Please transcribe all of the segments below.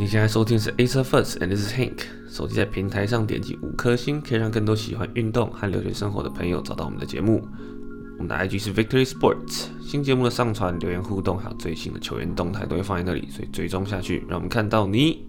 你現在收聽是 Acer First，and this is Hank。手機在平台上點擊五顆星，可以讓更多喜歡運動和留學生活的朋友找到我們的節目。我們的 IG 是 Victory Sports。新節目的上傳、留言互動還有最新的球員動態都會放在那裡，所以追蹤下去，讓我們看到你。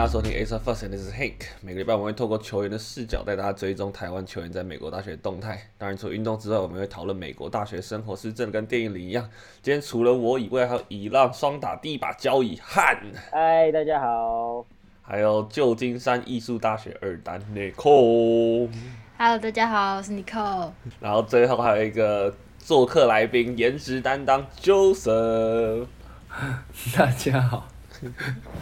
大家收聽 Asia First，s 這是 Hank。每個禮拜我們會透過球員的視角帶大家追蹤台灣球員在美國大學的動態。當然，除運動之外，我們會討論美國大學生活，是真的跟電影裡一樣。今天除了我以外，還有以浪雙打第一把交椅 Han。嗨，Hi, 大家好。還有舊金山藝術大學二單 Nicole。Hello，大家好，我是 Nicole。然後最後還有一個做客來賓，顏值擔當 Joseph。大家好。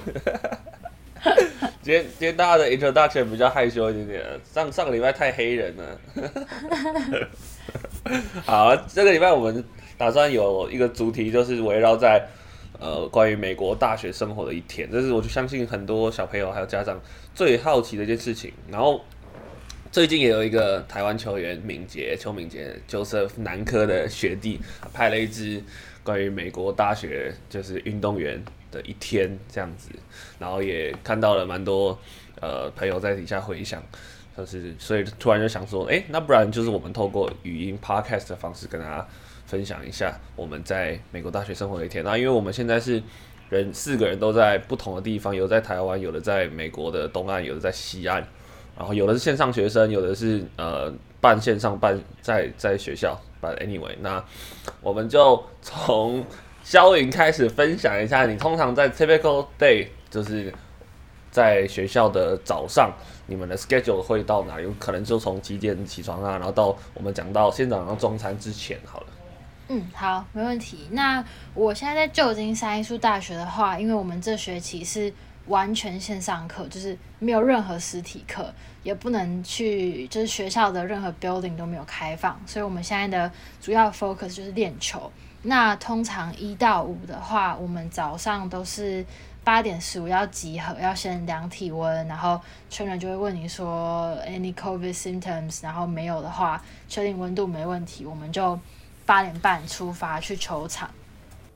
今天今天大家的 introduction 比較害羞一點點，上上個禮拜太黑人了。 好，這個禮拜我們打算有一個主題，就是圍繞在呃關於美國大學生活的一天，這是我就相信很多小朋友還有家長最好奇的一件事情。然後最近也有一個台灣球員敏杰邱敏杰 Joseph 南科的學弟拍了一支關於美國大學就是運動員。的一天這樣子，然後也看到了蠻多呃朋友在底下回想，就是所以突然就想說，誒、欸，那不然就是我們透過語音 podcast 的方式跟大家分享一下我們在美國大學生活的一天。那因為我們現在是人四個人都在不同的地方，有的在台灣，有的在美國的東岸，有的在西岸，然後有的是線上學生，有的是呃半線上半在在學校。But anyway，那我們就從。肖穎開始分享一下，你通常在 typical day，就是在學校的早上，你們的 schedule 會到哪？有可能就從幾點起床啊，然後到我們講到現場然後中餐之前好了。嗯，好，沒問題。那我現在在舊金山藝術大學的話，因為我們這學期是完全線上課，就是沒有任何實體課，也不能去，就是學校的任何 building 都沒有開放，所以我們現在的主要 focus 就是練球。那通常一到五的話，我們早上都是八點十五要集合，要先量體溫，然後確認就會問你說 any COVID symptoms，然後沒有的話，確定溫度沒問題，我們就八點半出發去球場。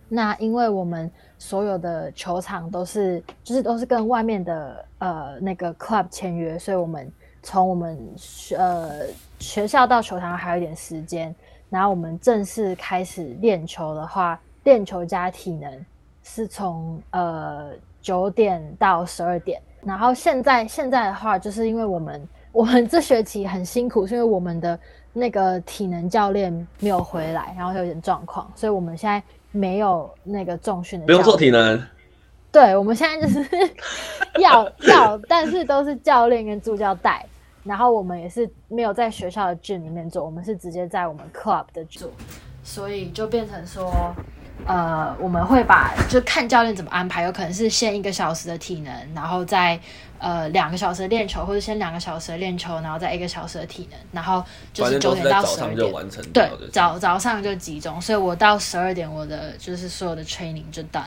那因為我們所有的球場都是就是都是跟外面的呃那個 club 簽約，所以我們從我們學呃學校到球場還有一點時間。然後我們正式開始練球的話，練球加體能是從呃九點到十二點。然後現在現在的話，就是因為我們我們這學期很辛苦，是因為我們的那個體能教練沒有回來，然後有點狀況，所以我們現在沒有那個重訓的。不用做體能。對，我們現在就是要 要，要，但是都是教練跟助教帶。然後我們也是沒有在學校的 gym 裡面做，我們是直接在我們 club 的做，所以就變成說，呃，我們會把就看教練怎麼安排，有可能是先一個小時的體能，然後再呃兩個小時練球，或者先兩個小時練球，然後再一個小時的體能，然後就是九點到十二點。完成就是、對，早早上就集中，所以我到十二點，我的就是所有的 training 就 done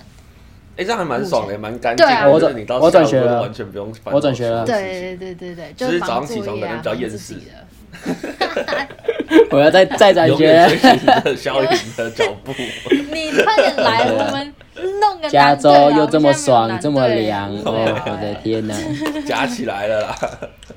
哎，這樣還蠻爽的，蠻乾淨。對啊，我轉我轉學了，完全不用。我轉學了。對對對對，就是早上起床可能比較厭世。我要再再轉學。我要消停的腳步。你快點來，我們弄個乾淨。加州又這麼爽，這麼涼，我的天哪，夾起來了啦，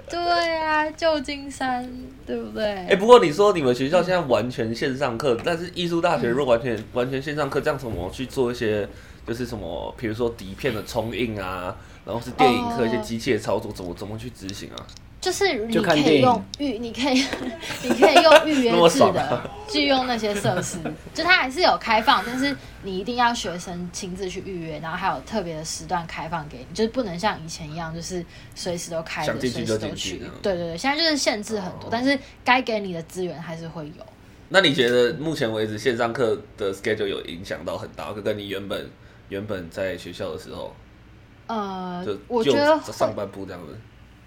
對啊，舊金山，對不對？哎，不過你說你們學校現在完全線上課，但是藝術大學如果完全完全線上課，這樣子我們去做一些。就是什麼，比如說底片的沖印啊，然後是電影課一些機械操作，怎麼怎麼去執行啊？就是你可以用預你可以， 你可以用預約制的去用那些設施，就它還是有開放，但是你一定要學生親自去預約，然後還有特別的時段開放給你，就是不能像以前一樣，就是隨時都開，隨時都去。對對對，對，現在就是限制很多，但是該給你的資源還是會有。 那你覺得目前為止線上課的 schedule 有影響到很大，就跟你原本。原本在學校的時候，呃，我覺得上班部這樣子，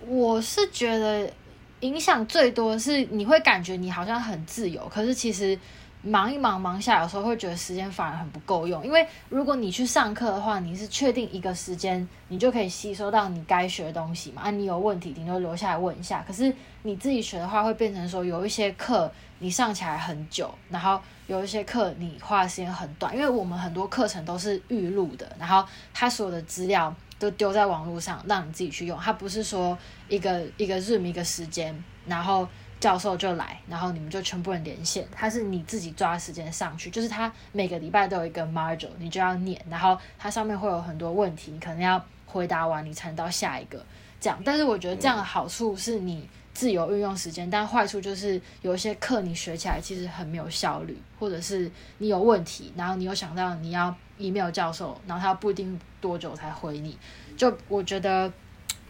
我，我是覺得影響最多的是你會感覺你好像很自由，可是其實，忙一忙忙下，有時候會覺得時間反而很不夠用。因為如果你去上課的話，你是確定一個時間，你就可以吸收到你該學的東西嘛。啊，你有問題，你就留下來問一下。可是你自己學的話，會變成說有一些課你上起來很久，然後有一些課你花的時間很短。因為我們很多課程都是預錄的，然後它所有的資料都丟在網絡上，讓你自己去用。它不是說一個一個 room 一個時間，然後。教授就來，然後你們就全部人連線。他是你自己抓時間上去，就是他每個禮拜都有一個 module，你就要念，然後它上面會有很多問題，你可能要回答完你才能到下一個。這樣，但是我覺得這樣的好處是你自由運用時間，但壞處就是有一些課你學起來其實很沒有效率，或者是你有問題，然後你又想到你要 email 教授，然後他不一定多久才回你。就我覺得。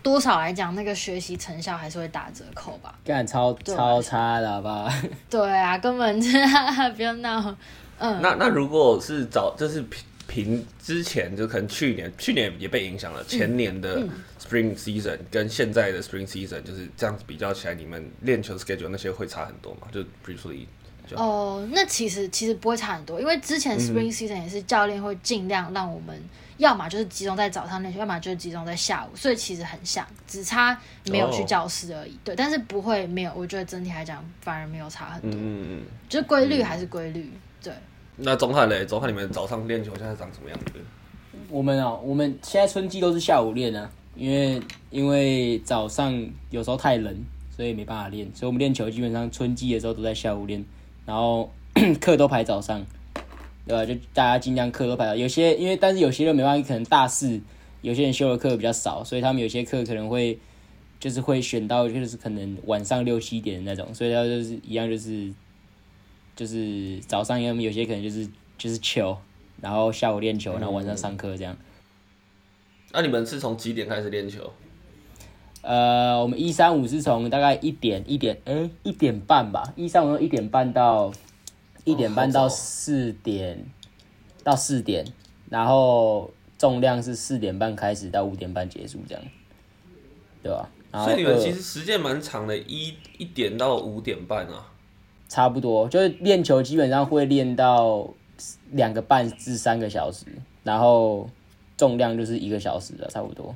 多少來講，那個學習成效還是會打折扣吧？幹超超差了吧？對啊，根本就、啊、不要鬧。嗯，那那如果是早就是平之前就可能去年去年也被影響了，嗯、前年的 Spring Season 跟現在的 Spring Season 就是這樣子比較起來，你們練球 Schedule 那些會差很多嗎？就 Briefly 哦，那其實其實不會差很多，因為之前 Spring Season 也是教練會盡量讓我們。要麼就是集中在早上練習，要麼就是集中在下午，所以其實很像，只差沒有去教室而已。哦、對，但是不會沒有，我覺得整體來講反而沒有差很多。嗯嗯，就是規律還是規律。嗯、對。那中漢呢？中漢你們早上練球現在長什麼樣子？我們啊、喔，我們現在春季都是下午練呢、啊，因為因為早上有時候太冷，所以沒辦法練，所以我們練球基本上春季的時候都在下午練，然後課都排早上。對吧？就大家盡量課都排到，有些因為，但是有些人沒辦法。可能大四，有些人修的課比較少，所以他們有些課可能會就是會選到，就是可能晚上六七點的那種。所以他就是一樣，就是就是早上，因為有些可能就是就是球，然後下午練球，然後晚上上課這樣。那、嗯啊、你們是從幾點開始練球？呃，我們一三五是從大概一點一點，哎，嗯、一點半吧。一三五從一點半到，一點半到四點，到四點，然後重量是四點半開始到五點半結束，這樣，對吧？所以你們其實時間蠻長的，一一點到五點半啊。差不多，就是練球基本上會練到兩個半至三個小時，然後重量就是一個小時的，差不多，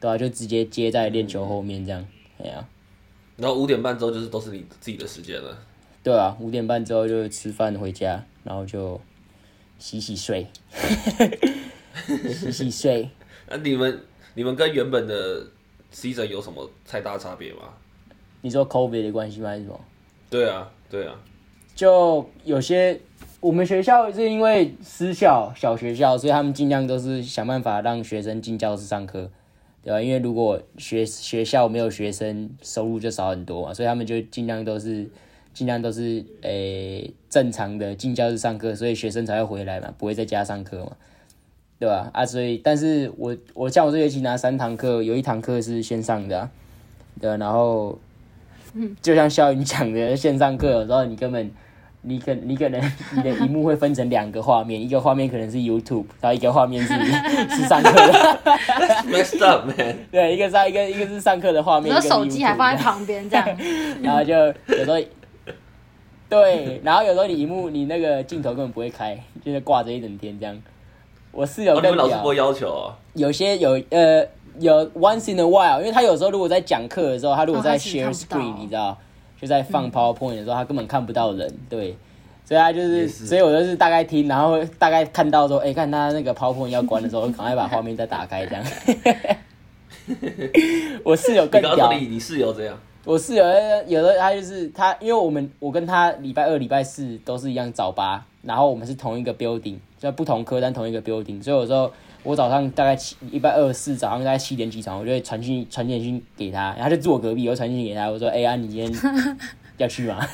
對啊？就直接接在練球後面這樣。對啊。然後五點半之後就是都是你自己的時間了。對啊，五點半之後就吃飯回家，然後就洗洗睡， 洗洗睡。那 你們你們跟原本的 Season 有什麼太大差別嗎？你說 COVID 的關係嗎？還是什麼？對啊，對啊。就有些我們學校是因為私校小，小學校，所以他們盡量都是想辦法讓學生進教室上課，對啊，因為如果學學校沒有學生，收入就少很多嘛，所以他們就盡量都是。儘量都是誒、欸、正常的進教室上課，所以學生才會回來嘛，不會在家上課嘛，對吧、啊？啊，所以但是我我像我這學期拿三堂課，有一堂課是線上的、啊，對、啊，然後，就像肖雲講的線上課，然後你根本你可你可能，你，可能你的螢幕會分成兩個畫面， 一個畫面可能是 YouTube，然後一個畫面是 是上課，哈哈哈哈哈哈。兩個畫面，對，一個在一個一個是上課的畫面，然後手機還放在旁邊這樣，然後就有時候。對，然後有時候你熒幕你那個鏡頭根本不會開，就是掛着一整天這樣。我室友更屌。他們老師要求。有些有呃有 once in a while，因為他有時候如果在講課的時候，他如果在 share screen，你知道，就在放 PowerPoint 的時候，他根本看不到人。對，所以他就是所以我就是大概聽，然後大概看到說，哎，看他那個 PowerPoint 要關的時候，我趕快把畫面再打開這樣。我室友更屌。你你室友這樣。我是有的，有的他就是他，因為我們我跟他禮拜二禮拜四都是一樣早八，然後我們是同一個 building，在不同科但同一個 building，所以我說我早上大概七，禮拜二四早上大概七點起床，我就會傳訊傳簡訊給他，然後他就坐隔壁，我傳訊給他，我說哎呀，欸啊、你今天要去嗎？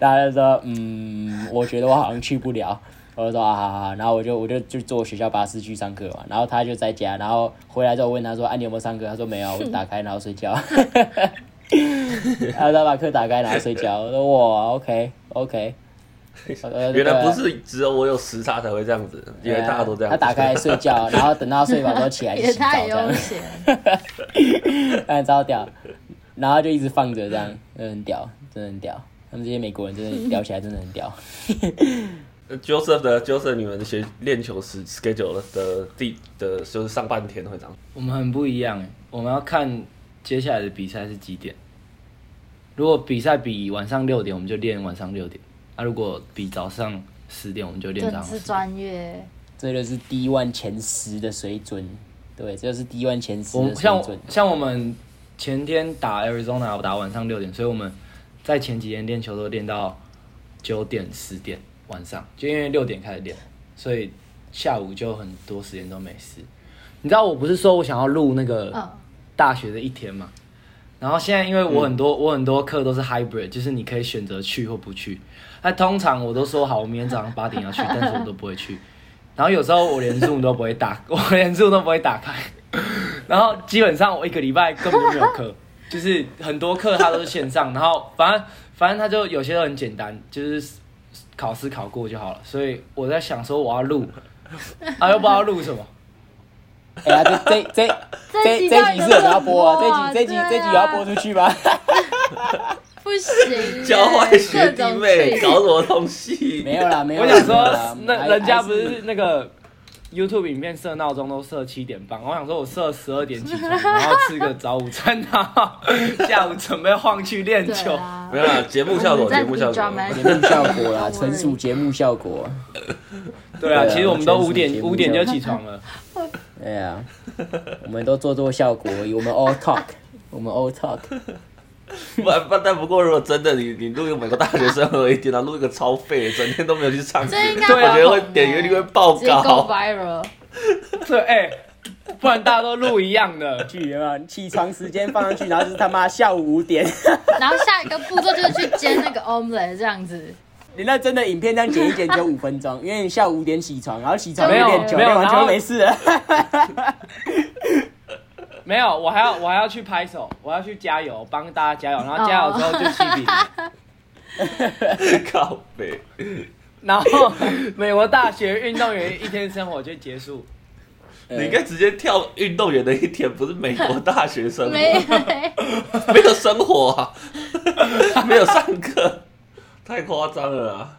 然 後他就說嗯，我覺得我好像去不了，我就說啊好好好，然後我就我就就坐學校巴士去上課嘛，然後他就在家，然後回來之後問他說哎、啊、你有沒有上課？他說沒有，我打開然後睡覺。 啊、然後他把課打開，來睡覺。我說哇，OK，OK。Okay, okay, 原來不是只有我有時差才會這樣子，因為大家都這樣子。來他打開來睡覺， 然後等到他睡飽都起來，洗澡， 也太悠閒。哈哈哈屌， 然後就一直放着這樣，很屌，真的很屌。他們這些美國人真的屌起來真的很屌。 Joseph 的就是你們學練球時 schedule 久了的地的，的，的，就是上半天會這樣。我們很不一樣，我們要看。接下來的比賽是幾點？如果比賽比晚上六點，我們就練晚上六點。啊，如果比早上十點，我們就練早上。這是專業，這個就是 D1 前十的水準。對，這個、就是 D1 前十。我像，像我們前天打 Arizona，打晚上六點，所以我們在前幾天練球都練到九點十點晚上，就因為六點開始練，所以下午就很多時間都沒事。你知道，我不是說我想要錄那個。哦大學的一天嘛，然後現在因為我很多、嗯、我很多課都是 hybrid，就是你可以選擇去或不去。那通常我都說好，我明天早上八點要去，但是我都不會去。然後有時候我連 Zoom 都不會打，我連 Zoom 都不會打開。然後基本上我一個禮拜根本就沒有課，就是很多課它都是線上。然後反正反正它就有些都很簡單，就是考試考過就好了。所以我在想說我要錄，我、啊、又不知道錄什麼。哎呀、欸啊，這這這這這幾集是要播啊，這集這集、啊、這集也要播出去嗎？不行！教壞學弟妹，搞什麼東西？沒有啦，沒有。我想說，那人家不是那個 YouTube 影片設鬧鐘都設七點半，是我想說我設十二點起床，然後吃個早午餐然後，下午準備晃去練球。啊、沒有啦，節目效果，節目效果，節目效果啦，純屬節目效果。 對啊，其實我們都五點五點就起床了。哎呀、啊，我們都做做效果，我們 all talk，我們 all talk。不然不然，不過，如果真的你你錄一個美國大學生而已，我一天他錄一個超廢，整天都沒有去唱歌，應我覺得會點閱率會爆高。直接 go viral。對，哎、欸，不然大家都錄一樣的，去吧。起床時間放上去，然後是他媽下午五點。然後下一個步驟就是去煎那個 omelet，這樣子。你那真的影片那剪一剪就五分鐘， 因為你下午五點起床，然後起床點 9, 沒有點久，沒後完全沒事了。 沒有，我還要我還要去拍手，我要去加油，幫大家加油，然後加油之後就去比。靠北。然後美國大學運動員一天生活就結束。你應該直接跳運動員的一天，不是美國大學生活。沒，沒, 沒有生活，啊， 沒有上課。太誇張了啦，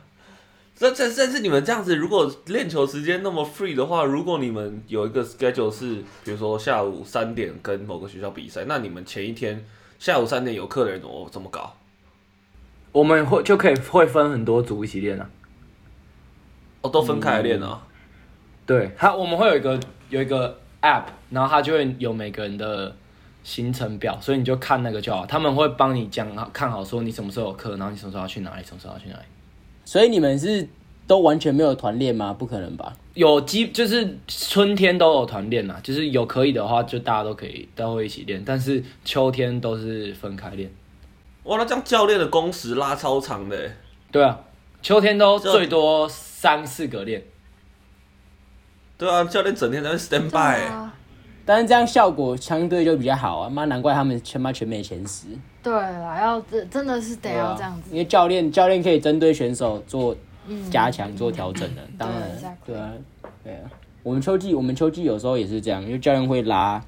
但這但是你們這樣子，如果練球時間那麼 free 的話，如果你們有一個 schedule 是，比如說下午三點跟某個學校比賽，那你們前一天下午三點有課的人，我、哦、怎麼搞？我們會就可以會分很多組一起練啊，哦，都分開練啊、哦？嗯、對，他我們會有一個有一個 app，然後它就會有每個人的，行程表，所以你就看那個就好。他們會幫你講看好，說你什麼時候有課，然後你什麼時候要去哪裡，什麼時候要去哪裡。所以你們是都完全沒有團練嗎？不可能吧？有基就是春天都有團練啦，就是有可以的話，就大家都可以都會一起練。但是秋天都是分開練。哇，那這樣教練的工時拉超長的。對啊，秋天都最多三就四個練。對啊，教練整天在那 stand by、啊。但是這樣效果相對就比較好啊！那難怪他們全媽全美前十。對啊，要真真的是得要這樣子，啊、因為教練教練可以針對選手做加強、嗯、做調整的。嗯、當然對對、啊，對啊，對啊。我們秋季我們秋季有時候也是這樣，因為教練會拉，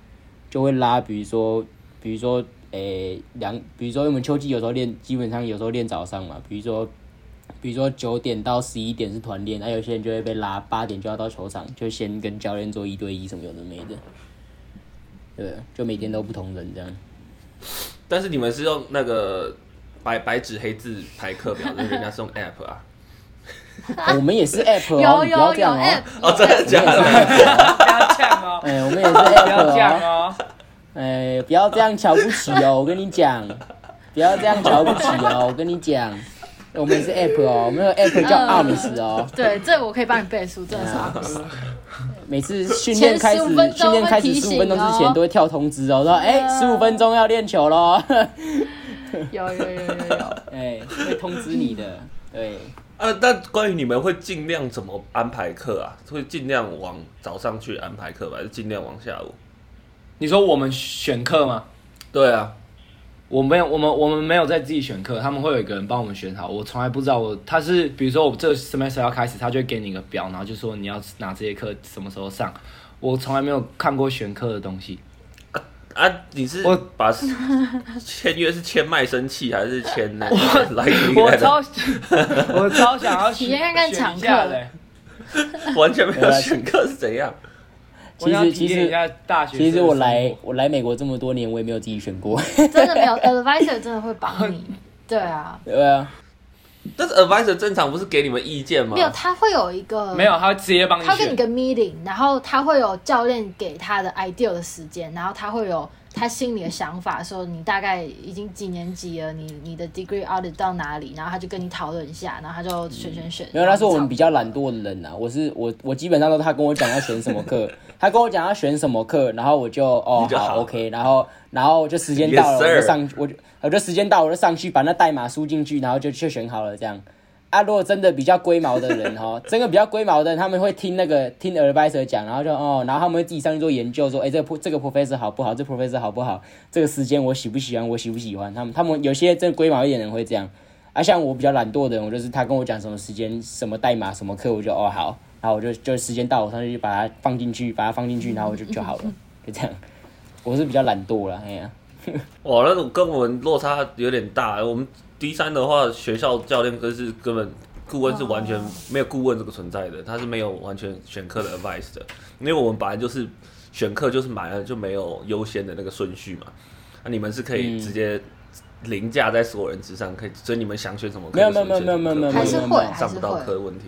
就會拉。比如說，比如說，誒、欸，兩，比如說我們秋季有時候練，基本上有時候練早上嘛。比如說，比如說九點到十一點是團練，那、啊、有些人就會被拉，八點就要到球場，就先跟教練做一對一什麼有的沒的。對，就每天都不同人這樣。但是你們是用那個白白紙黑字排課表，人家是用 App 啊、 欸？我們也是 App 哦，有有有你不要這樣哦，真的假的？不要講哎、哦欸，我們也是 App 哦，哎、哦欸，不要這樣瞧不起哦，我跟你講，不要這樣瞧不起哦， 我跟你講，我們也是 App 哦，我們有 App 叫 arms 哦、 呃，對，這我可以幫你背書，真的是 arms 每次訓練開始，訓練、哦、開始十五分鐘之前都會跳通知哦，說哎，十五 Yeah.、欸、分鐘要練球嘍。 有有有有有,有、欸，哎，會通知你的。對啊，那關於你們會儘量怎麼安排課啊？會儘量往早上去安排課吧，還是儘量往下午？你說我們選課嗎？對啊。我沒有，我們我們沒有在自己選課，他們會有一個人幫我們選好。我從來不知道我，我他是比如說我這個 semester 要開始，他就會給你一個表，然後就說你要拿這些課什麼時候上。我從來沒有看過選課的東西啊。啊，你是把我把簽約是簽賣身契還是簽呢？我來、啊、我超 我超想要體驗看搶課嘞， 完全沒有選課是怎樣？其實其實，大學其實我來我來美國這麼多年，我也沒有自己選過，真的沒有。 advisor 真的會幫你， 對啊，對啊。但是 advisor 正常不是給你們意見嗎？沒有，他會有一個，沒有，他會直接幫你。他會給你一個 meeting，然後他會有教練給他的 ideal 的時間，然後他會有。他心裡的想法說：“你大概已經幾年級了？你你的 degree audit 到哪裡？”然後他就跟你討論一下，然後他就選選選。嗯、沒有，他說我們比較懶惰的人吶、啊，我是我我基本上都他跟我講要選什麼課， 他跟我講要選什麼課，然後我就哦就好，好 OK，然後然後就時，yes, sir. 就，就時間到了，我上我就我就時間到，我就上去把那代碼輸進去，然後就就選好了這樣。啊，如果真的比較龜毛的人哦， 真的比較龜毛的人，他們會聽那個聽 advisor 講，然後就哦，然後他們自己上去做研究說，說哎，這個 pro, 這個 professor 好不好？這個 professor 好不好？這個時間我喜不喜歡？我喜不喜歡？他們他們有些真龜毛一點的人會這樣。啊，像我比較懶惰的人，我就是他跟我講什麼時間、什麼代碼、什麼課，我就哦好，然後我就就時間到，我上去就把它放進去，把它放進去，然後我就就好了，就這樣。我是比較懶惰了，哎呀。哦， 那種跟我們落差有點大。我們 D3 的話，學校教練就是根本顧問是完全沒有顧問這個存在的，他是沒有完全選課的 advice 的。因為我們本來就是選課，就是買了就沒有優先的那個順序嘛。那、啊、你們是可以直接凌駕在所有人之上，可以，所以你們想選什麼課？沒有沒有沒有沒有沒有沒有上不到課的問題。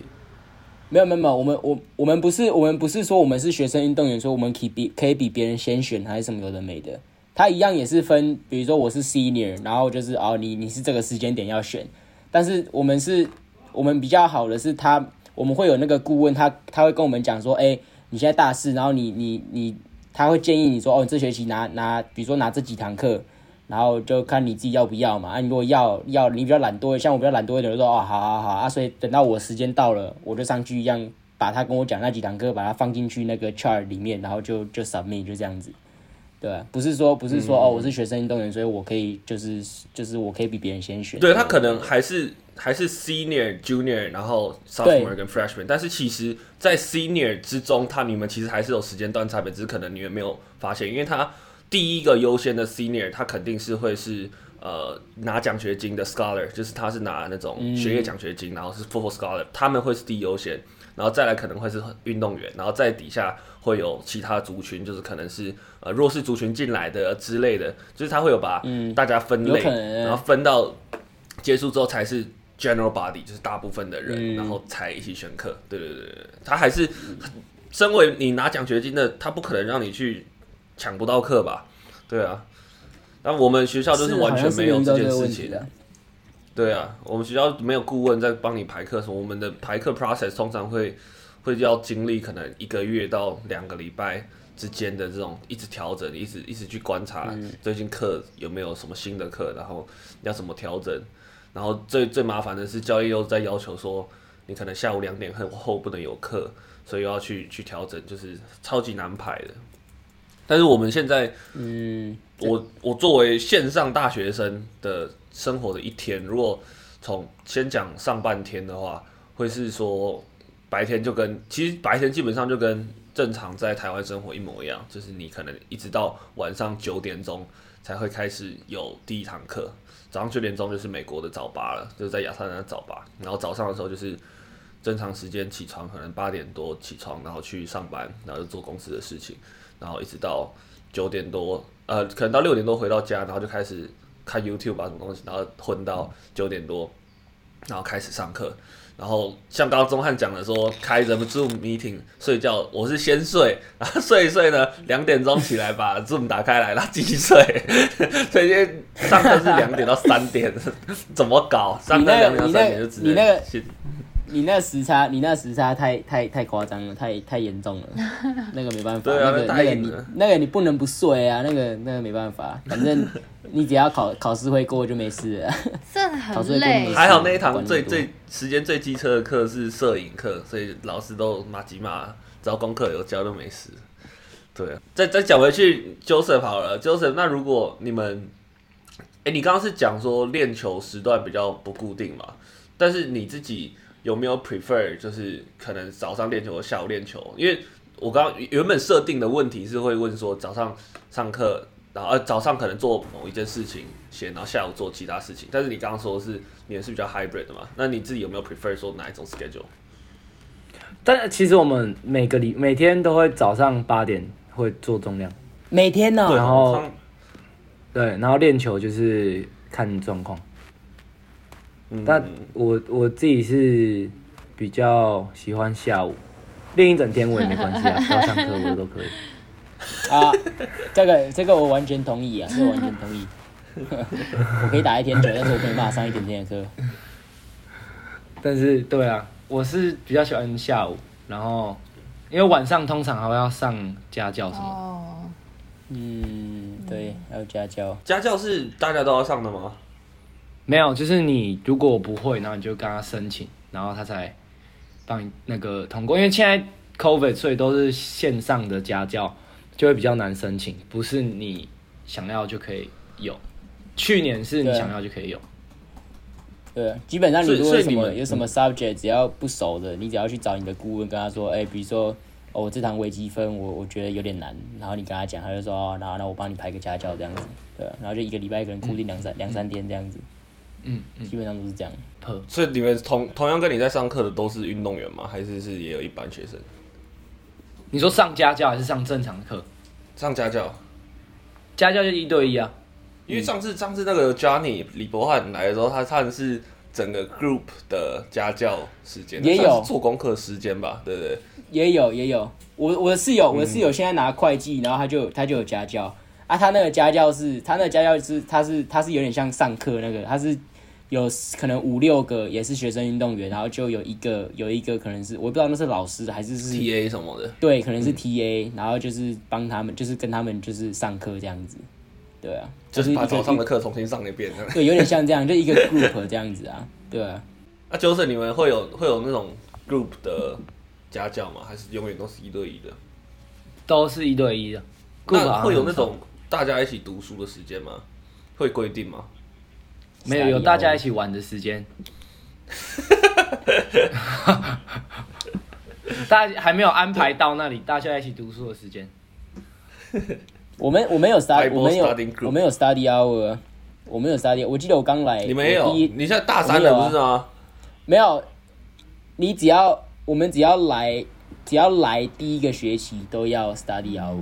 沒有沒有沒有，我們我我們不是我們不是說我們是學生運動員，說我們可以比可以比別人先選還是什麼有的沒的。他一樣也是分，比如說我是 senior，然後就是哦，你你是這個時間點要選，但是我們是，我們比較好的是他，他我們會有那個顧問，他他會跟我們講說，哎，你現在大四，然後你你你，他會建議你說，哦，你這學期拿拿，比如說拿這幾堂課，然後就看你自己要不要嘛。啊，你如果要要，你比較懶惰，像我比較懶惰一點，就說哦，好好好啊，所以等到我時間到了，我就上去一樣，把他跟我講那幾堂課，把它放進去那個 chart 裡面，然後就就 submit 就這樣子。對、啊，不是說不是說、嗯、哦，我是學生運動員，嗯、所以我可以就是就是我可以比別人先選。對,對他可能還是還是 senior junior，然後 sophomore 跟 freshman，對但是其實，在 senior 之中，他你們其實還是有時間段差別，只是可能你們沒有發現，因為他第一個優先的 senior，他肯定是會是呃拿獎學金的 scholar，就是他是拿那種學業獎學金，嗯、然後是 full scholar，他們會是第一優先。然後再來可能會是運動員，然後在底下會有其他族群，就是可能是呃弱勢族群進來的之類的，就是他會有把大家分類，嗯欸、然後分到結束之後才是 general body，就是大部分的人，嗯、然後才一起選課。對對對對，他還是身為你拿獎學金的，他不可能讓你去搶不到課吧？對啊，那我們學校就是完全沒有這件事情的。對啊，我們學校沒有顧問在幫你排課，從我們的排課 process 通常會會要經歷可能一個月到兩個禮拜之間的這種一直調整，一直一直去觀察最近課有沒有什麼新的課，然後要怎麼調整，然後最最麻煩的是教務又在要求說你可能下午兩點後不能有課，所以要去去調整，就是超級難排的。但是我們現在嗯。我我作為線上大學生的生活的一天，如果從先講上半天的話，會是說白天就跟其實白天基本上就跟正常在台灣生活一模一樣，就是你可能一直到晚上九點鐘才會開始有第一堂課，早上九點鐘就是美國的早八了，就是在亞薩那早八，然後早上的時候就是正常時間起床，可能八點多起床，然後去上班，然後就做公司的事情，然後一直到九點多。呃，可能到六點多回到家，然後就開始看 YouTube 啊什麼東西，然後混到九點多，然後開始上課。然後像剛剛鍾漢講的說，開什麼 Zoom meeting 睡覺，我是先睡，然後睡一睡呢，兩點鐘起來把 Zoom 打開來啦，繼續睡。 所以上課是兩點到三點， 怎麼搞？上課兩點到三點就直接。 你那時差，你那時差太太太誇張了，太太嚴重了。那個沒辦法，啊、那個那個你那個你不能不睡啊，那個那個沒辦法。反正你只要考考試會過就沒事了，啊。這很累，還好那一堂最最，最時間最機車的課是攝影課，所以老師都馬吉馬只要功課有交都沒事。對、啊，再再講回去，Joseph 好了，Joseph。那如果你們，哎、欸，你剛剛是講說練球時段比較不固定嘛，但是你自己。有沒有 prefer 就是可能早上練球和下午練球？因為我剛原本設定的問題是會問說早上上課，然後、啊、早上可能做某一件事情先，然後下午做其他事情。但是你剛剛說是你也是比較 hybrid 的嘛？那你自己有沒有 prefer 說哪一種 schedule？但其實我們每個禮每天都會早上八點會做重量，每天哦，然後，然後對，然後練球就是看狀況。但我我自己是比較喜歡下午練一整天，我也沒關係啊，要上課我都可以。 啊，這個這個我完全同意啊，我完全同意。 我可以打一天球， 但是我沒辦法上一整天的課。但是對啊，我是比較喜歡下午，然後因為晚上通常還要上家教什麼。Oh. 嗯，對，還有、mm. 家教。家教是大家都要上的嗎？沒有，就是你如果不會，然後你就跟他申請，然後他才幫你那個通過。因為現在 COVID，所以都是線上的家教，就會比較難申請。不是你想要就可以有，去年是你想要就可以有。對、啊對啊，基本上你如果什麼有什麼,麼 subject，只要不熟的，嗯、你只要去找你的顧問跟他說，哎、欸，比如說哦，我這堂微積分我我覺得有點難，然後你跟他講，他就說，哦、然後然後我幫你排個家教這樣子，對、啊，然後就一個禮拜可能固定兩三兩、嗯、三天這樣子。嗯，基本上都是這樣。嗯，所以你們同同樣跟你在上課的都是運動員嗎？嗯、還是是也有一般學生？你說上家教還是上正常的課？上家教，家教就一對一啊。因為上次上次那個 Johnny 李柏翰來的時候，他他的是整個 group 的家教時間，也有是做功課時間吧？對不對，對？也有也有。我我的室友，我的室友現在拿會計，然後他就他就有家教啊他家教。他那個家教是他那個家教是他是他是，他是有點像上課那個，他是。有可能五六個也是學生運動員，然後就有一個有一個可能是我不知道那是老師還是是，是 TA 什麼的，對，可能是 TA，、嗯、然後就是幫他們就是跟他們就是上課這樣子，對啊，就是把早上的課重新上一遍，對，有點像這樣，就一個 group 這樣子啊，對啊。啊，Joseph 你們會有會有那種 group 的家教嗎？還是永遠都是一對一的？都是一對一的。那會有那種大家一起讀書的時間嗎？會規定嗎？沒有有大家一起玩的時間，大家還沒有安排到那裡，大家一起讀書的時間 。我們我們有 study，我們有我們有 study hour，我們有 study。我，stud 我記得我剛來，你們也有？你現在大三了不是嗎？沒有、啊，你只要我們只要來，只要來第一個學期都要 study hour。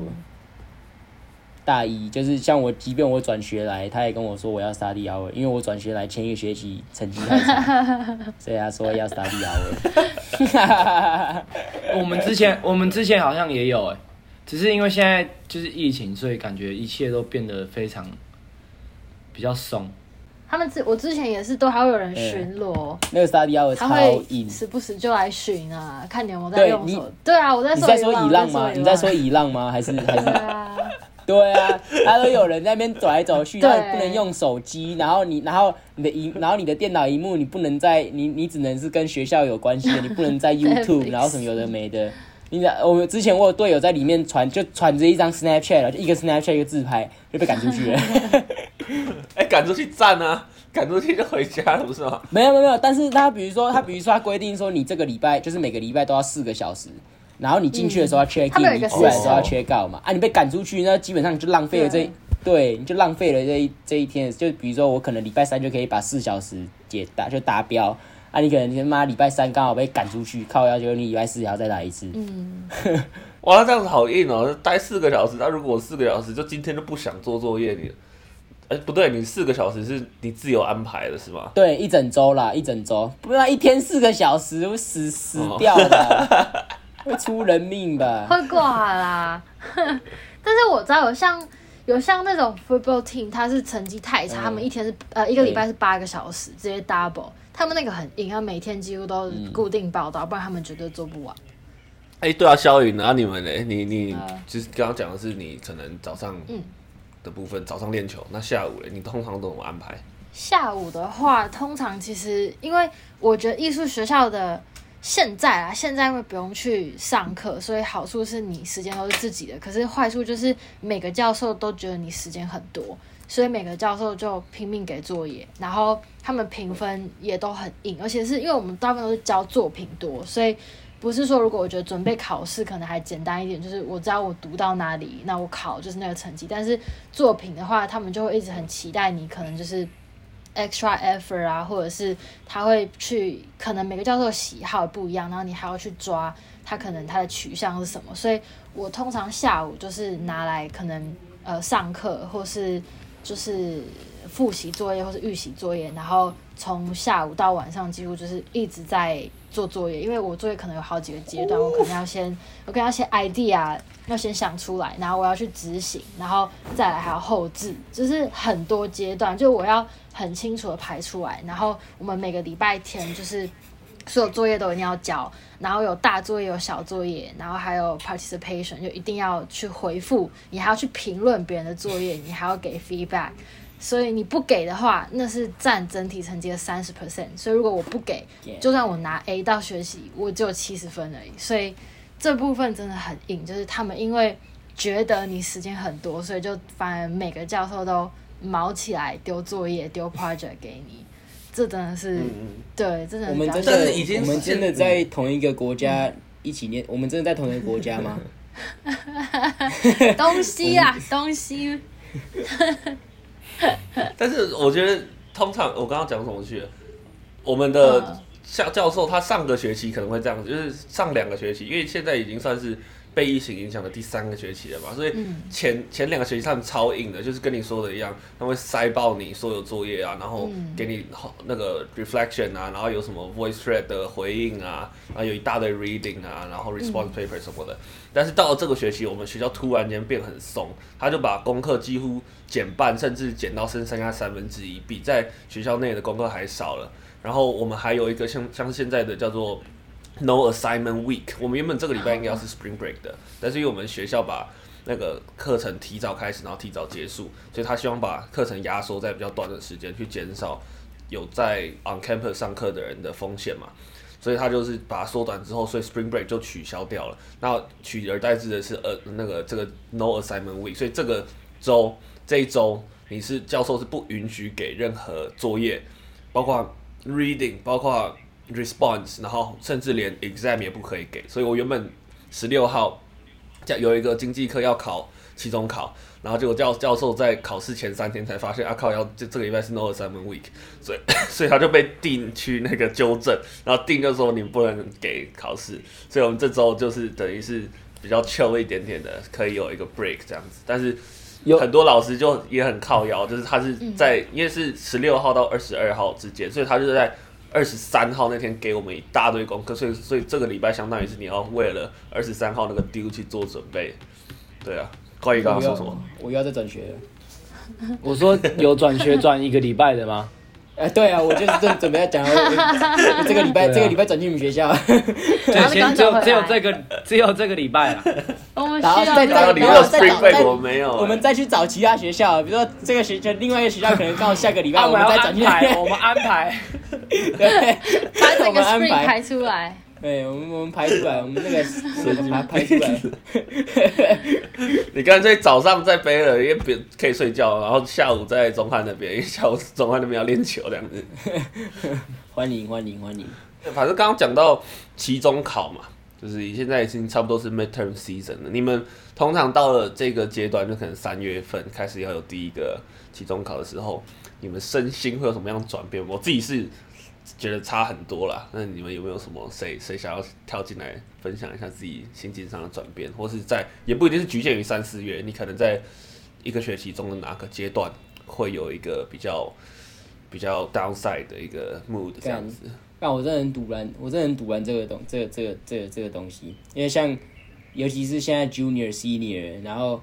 大一就是像我，即便我轉學來，他也跟我說我要 study hour，因為我轉學來前一學期成績太差， 所以他說要 study hour。 我們之前我們之前好像也有誒、欸，只是因為現在就是疫情，所以感覺一切都變得非常比較鬆。他們之我之前也是都還會有人巡邏、啊，那個 study hour 他會時不時就來巡啊，看你我在用手。對,對啊，我在說在說伊朗嗎？你在說伊朗嗎,嗎？還是還是？ 對啊，他、啊、都有人在那邊走來走去，他不能用手機，對然後你，然後你的螢，然後你的電腦螢幕，你不能在你，你只能是跟學校有關係的，你不能在 YouTube， 然後什麼有的沒的。你我之前我有隊友在裡面傳，就傳着一張 Snapchat 一個 Snapchat 一個自拍，就被趕出去了。哎 欸，趕出去站啊，趕出去就回家了，不是嗎？沒有沒有沒有，但是他比如說他比如說他規定說你這個禮拜就是每個禮拜都要四個小時。然後你進去的時候要 check in、嗯、你出來的時候要 check out 嘛。哦哦啊，你被趕出去，那基本上就浪費了這，對、對，你就浪費了這一這一天。就比如說，我可能禮拜三就可以把四小時解答，就達標。啊，你可能你他媽禮拜三剛好被趕出去，靠要求你禮拜四要再打一次。嗯， 哇，這樣子好硬哦，待四個小時。那如果四個小時，就今天就不想做作業你？哎，不對，你四個小時是你自由安排的是吧？對，一整周啦，一整周。不然一天四個小時，我死死掉了的。哦 會出人命吧？會掛掛啦， 但是我知道有像有像那種 football team，他是成績太差，他們一天是呃一個禮拜是八個小時，直接 double，、嗯、他們那個很硬，他每天幾乎都固定報到，不然他們絕對做不完。哎，對啊，肖雨啊，你們嘞，你你其實剛剛講的是你可能早上嗯的部分，早上練球，那下午嘞，你通常怎麼安排？嗯、下午的話，通常其實因為我覺得藝術學校的。現在啊，現在會不用去上課，所以好處是你時間都是自己的。可是壞處就是每個教授都覺得你時間很多，所以每個教授就拼命給作業，然後他們評分也都很硬。而且是因為我們大部分都是交作品多，所以不是說如果我覺得準備考試可能還簡單一點，就是我知道我讀到哪裡，那我考就是那個成績。但是作品的話，他們就會一直很期待你，可能就是。extra effort 啊，或者是他會去，可能每個教授喜好不一樣，然後你還要去抓他，可能他的取向是什麼。所以我通常下午就是拿來可能呃上課，或是就是複習作業，或是預習作業，然後從下午到晚上幾乎就是一直在做作業，因為我作業可能有好幾個階段，我可能要先我可能要寫 idea，要先想出來，然後我要去執行，然後再來還要後製，就是很多階段，就我要。很清楚的排出來，然後我們每個禮拜天就是所有作業都一定要交，然後有大作業有小作業，然後還有 participation 就一定要去回復，你還要去評論別人的作業，你還要給 feedback，所以你不給的話，那是占整體成績的三十 percent，所以如果我不給，就算我拿 A 到學習，我只有七十分而已，所以這部分真的很硬，就是他們因為覺得你時間很多，所以就反而每個教授都。卯起來丟作業丟 project 給你。這真的是、嗯、對，真的是我們真的我們真的在同一個國家一起念，我們真的在同一個國家嗎？ 東西啊東西， 但是我覺得通常我剛剛講什麼去了？我們的教教授他上個學期可能會這樣，就是上兩個學期，因為現在已經算是。被疫情影響的第三個學期了嘛，所以前前兩個學期他們超硬的，就是跟你說的一樣，他們會塞爆你所有作業啊，然後給你那個 reflection 啊，然後有什麼 voice thread 的回應啊，啊，有一大堆 reading 啊，然後 response paper 什麼的。但是到了這個學期，我們學校突然間變很鬆，他就把功課幾乎減半，甚至減到剩剩下三分之一，比在學校內的功課還少了。然後我們還有一個像像現在的叫做。No assignment week，我們原本這個禮拜應該要是 Spring break 的，但是因為我們學校把那個課程提早開始，然後提早結束，所以他希望把課程壓縮在比較短的時間，去減少有在 on campus 上課的人的風險嘛，所以他就是把它縮短之後，所以 Spring break 就取消掉了。那取而代之的是呃那個這個 No assignment week，所以這個週這一週你是教授是不允許給任何作業，包括 reading，包括。Response，然後甚至連 exam 也不可以給，所以我原本十六號有一個經濟課要考期中考，然後就教教授在考試前三天才發現啊靠腰，就這這個禮拜是 no assignment week，所以 所以他就被定去那個糾正，然後定就說你不能給考試，所以我們這週就是等於是比較 chill 一點點的，可以有一個 break 這樣子，但是有很多老師就也很靠腰，就是他是在因為是十六號到二十二號之間，所以他就在。二十三號那天給我們一大堆功課，所以所以這個禮拜相當於是你要為了二十三號那個 due 去做準備。對啊，高一剛剛說什麼？我我要再轉學。 我說有轉學轉一個禮拜的嗎？哎，對啊，我就是正準備要講，這個禮拜，這個禮拜轉進你們學校，對，就只有這個，只有這個禮拜了。我們然後我再找，我們再去找其他學校，比如說這個學校，另外一個學校可能剛好下個禮拜我們再轉去，我們安排，我們安排，安排出來。哎、欸，我們我們排出來，我們這、那個手機拍，排出來。 你乾脆早上在背了，因為可以睡覺，然後下午在中漢那邊，因為下午中漢那邊要練球這樣子。歡迎歡迎歡迎！歡迎歡迎，反正剛剛講到期中考嘛，就是現在已經差不多是 midterm season 了。你們通常到了這個階段，就可能三月份開始要有第一個期中考的時候，你們身心會有什麼樣的轉變有沒有？我自己是。覺得差很多啦，那你們有沒有什麼誰誰想要跳進來分享一下自己心情上的轉變，或是在也不一定是局限於三四月，你可能在一個學期中的哪個階段會有一個比較比較 downside 的一個 mood 這樣子？但我真的很賭完，我真的很賭完這個東這個、這個、這個、這個東西，因為像尤其是現在 junior senior，然後。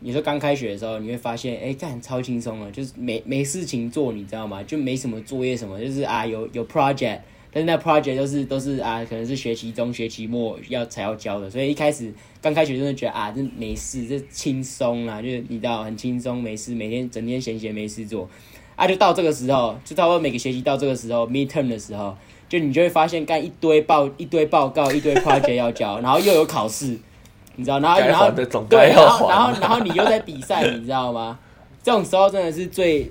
你說剛開學的時候，你會發現，哎，幹超輕鬆了，就是沒沒事情做，你知道嗎？就沒什麼作業什麼，就是啊，有有 project，但是那 project 都、就是都是啊，可能是學期中、學期末要才要交的，所以一開始剛開學真的就覺得啊，這沒事，這輕鬆啦、啊，就是你知道，很輕鬆，沒事，每天整天閒閒沒事做，啊，就到這個時候，就差不多每個學期到這個時候，midterm 的時候，就你就會發現幹一堆報一堆報告，一堆 project 要交， 然後又有考試。你知道，然後，該然後，還還對，然後，然後， 然後你又在比賽，你知道嗎？這種時候真的是最，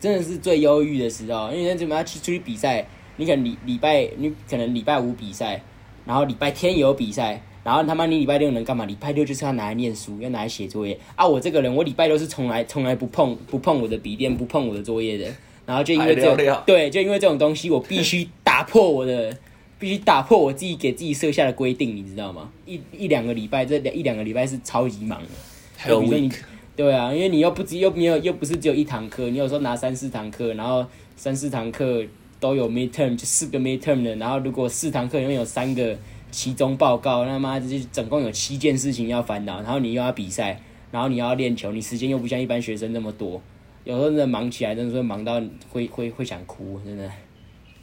真的是最憂鬱的時候，因為你要去出去比賽，你可能禮禮拜，你可能禮拜五比賽，然後禮拜天有比賽，然後他媽你禮拜六能幹嘛？禮拜六就是要拿來唸書，要拿來寫作業啊！我這個人，我禮拜六是從來從來不碰不碰我的筆電，不碰我的作業的。然後就因為這，聊聊對，就因為這種東西，我必須打破我的。 必須打破我自己給自己設下的規定，你知道嗎？一一兩個禮拜，這一兩個禮拜是超級忙的。還有。Week. 對啊，因為你又不只又沒有又不是只有一堂課，你有時候拿三四堂課，然後三四堂課都有 midterm，就四個 midterm 的，然後如果四堂課擁有三個期中報告，那媽的，就總共有七件事情要煩惱，然後你又要比賽，然後你要練球，你時間又不像一般學生那麼多，有時候真的忙起來，真的說忙到會會會想哭，真的。